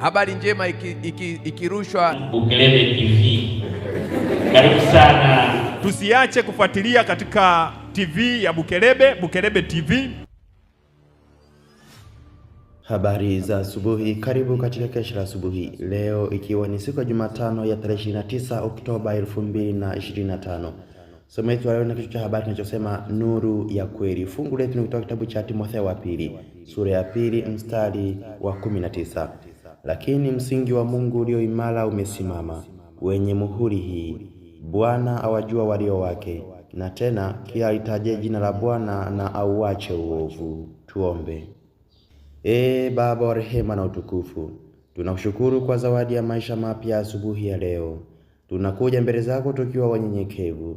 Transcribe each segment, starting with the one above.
Habari njema ikirushwa iki, iki Bukelebe TV. Karibu sana, tusiache kufuatilia katika TV ya Bukelebe, Bukelebe TV. Habari za asubuhi, karibu katika kesha la asubuhi leo, ikiwa ni siku ya Jumatano ya tarehe 29 Oktoba 2025. Somo letu leo na kichwa cha habari kinachosema nuru ya kweli. Fungu letu ni kutoka kitabu cha Timotheo wa pili sura ya pili mstari wa 19 lakini msingi wa Mungu ulio imara umesimama, wenye muhuri hii: Bwana awajua walio wake, na tena kila alitaje jina la Bwana na auache uovu. Tuombe. Ee Baba wa rehema na utukufu, tunakushukuru kwa zawadi ya maisha mapya asubuhi ya leo. Tunakuja mbele zako tukiwa wanyenyekevu,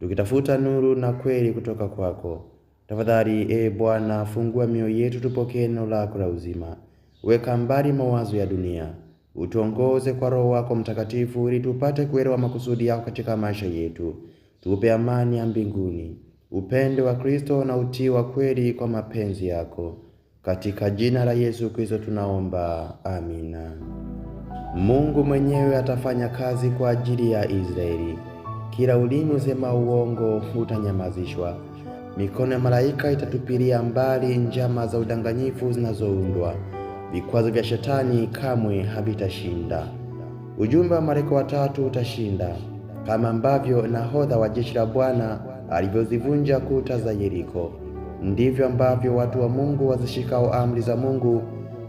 tukitafuta nuru na kweli kutoka kwako. Tafadhali, ee Bwana, fungua mioyo yetu tupokee neno lako la uzima. Weka mbali mawazo ya dunia, utuongoze kwa Roho wako Mtakatifu ili tupate kuelewa makusudi yako katika maisha yetu. Tupe amani ya mbinguni, upendo wa Kristo na utii wa kweli kwa mapenzi yako. Katika jina la Yesu Kristo tunaomba, amina. Mungu mwenyewe atafanya kazi kwa ajili ya Israeli. Kila ulimi usema uongo utanyamazishwa. Mikono ya malaika itatupilia mbali njama za udanganyifu zinazoundwa Vikwazo vya shetani kamwe havitashinda. Ujumbe wa malaika watatu utashinda, kama ambavyo nahodha wa jeshi la Bwana alivyozivunja kuta za Yeriko, ndivyo ambavyo watu wa Mungu wazishikao amri za Mungu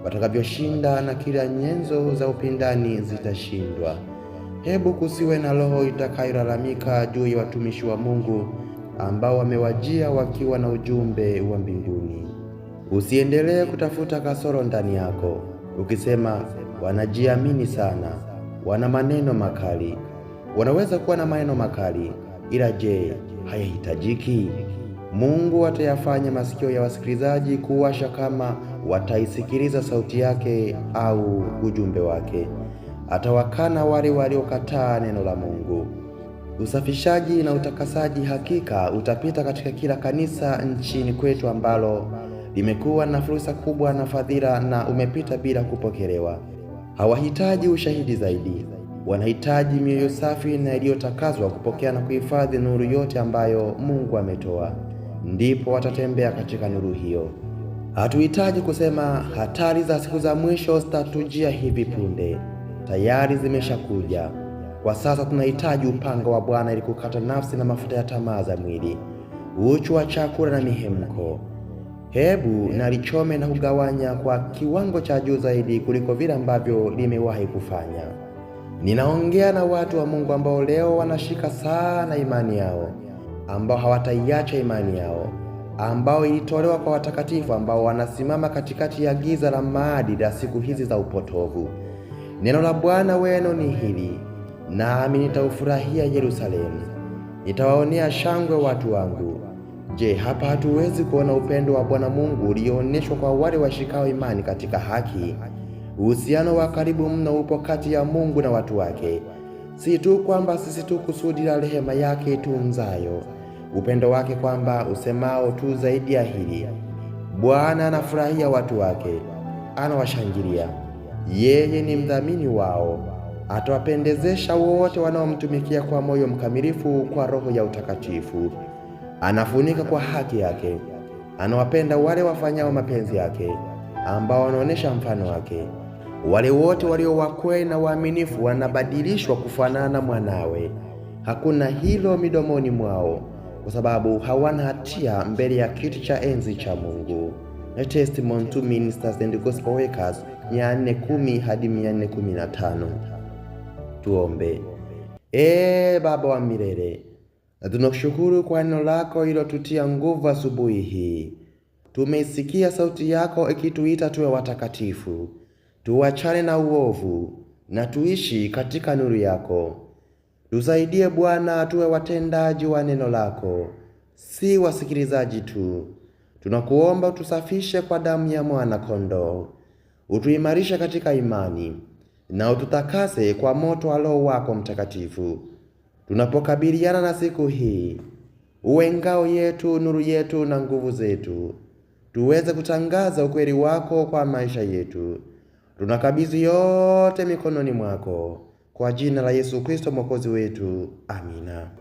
watakavyoshinda, na kila nyenzo za upindani zitashindwa. Hebu kusiwe na roho itakayolalamika juu ya watumishi wa Mungu ambao wamewajia wakiwa na ujumbe wa mbinguni. Usiendelee kutafuta kasoro ndani yako, ukisema wanajiamini sana, wana maneno makali. Wanaweza kuwa na maneno makali, ila je, hayahitajiki? Mungu atayafanya masikio ya wasikilizaji kuwasha kama wataisikiliza sauti yake au ujumbe wake. Atawakana wale waliokataa neno la Mungu. Usafishaji na utakasaji hakika utapita katika kila kanisa nchini kwetu ambalo limekuwa na fursa kubwa na fadhila na umepita bila kupokelewa. Hawahitaji ushahidi zaidi, wanahitaji mioyo safi na iliyotakazwa kupokea na kuhifadhi nuru yote ambayo Mungu ametoa, ndipo watatembea katika nuru hiyo. Hatuhitaji kusema hatari za siku za mwisho zitatujia hivi punde, tayari zimeshakuja. Kwa sasa tunahitaji upanga wa Bwana ili kukata nafsi na mafuta ya tamaa za mwili, uchu wa chakula na mihemko hebu na lichome na kugawanya kwa kiwango cha juu zaidi kuliko vile ambavyo limewahi kufanya. Ninaongea na watu wa Mungu ambao leo wanashika sana imani yao, ambao hawataiacha imani yao, ambao ilitolewa kwa watakatifu, ambao wanasimama katikati ya giza la maadili ya siku hizi za upotovu. Neno la Bwana wenu ni hili, nami nitaufurahia Yerusalemu, nitawaonea shangwe watu wangu Je, hapa hatuwezi kuona upendo wa Bwana Mungu ulioonyeshwa kwa wale washikao imani katika haki? Uhusiano wa karibu mno upo kati ya Mungu na watu wake, si tu kwamba sisi tu kusudi la rehema yake itunzayo upendo wake, kwamba usemao tu zaidi ya hili, Bwana anafurahia watu wake, anawashangilia. Yeye ni mdhamini wao, atawapendezesha wote wanaomtumikia kwa moyo mkamilifu kwa Roho ya utakatifu anafunika kwa haki yake, anawapenda wale wafanyao mapenzi yake, ambao wanaonesha mfano wake. Wale wote walio wakweli na waaminifu wanabadilishwa kufanana mwanawe. Hakuna hilo midomoni mwao, kwa sababu hawana hatia mbele ya kiti cha enzi cha Mungu. Testimony to Ministers and Gospel Workers 410 hadi 415. Tuombe. Ee Baba wa milele na tunakushukuru kwa neno lako iliyotutia nguvu asubuhi hii. Tumeisikia sauti yako ikituita tuwe watakatifu, tuwachane na uovu na tuishi katika nuru yako. Tusaidie Bwana, tuwe watendaji wa neno lako, si wasikilizaji tu. Tunakuomba utusafishe kwa damu ya mwana-kondoo, utuimarishe katika imani na ututakase kwa moto wa Roho wako Mtakatifu Tunapokabiliana na siku hii, uwe ngao yetu, nuru yetu na nguvu zetu, tuweze kutangaza ukweli wako kwa maisha yetu. Tunakabidhi yote mikononi mwako, kwa jina la Yesu Kristo mwokozi wetu, amina.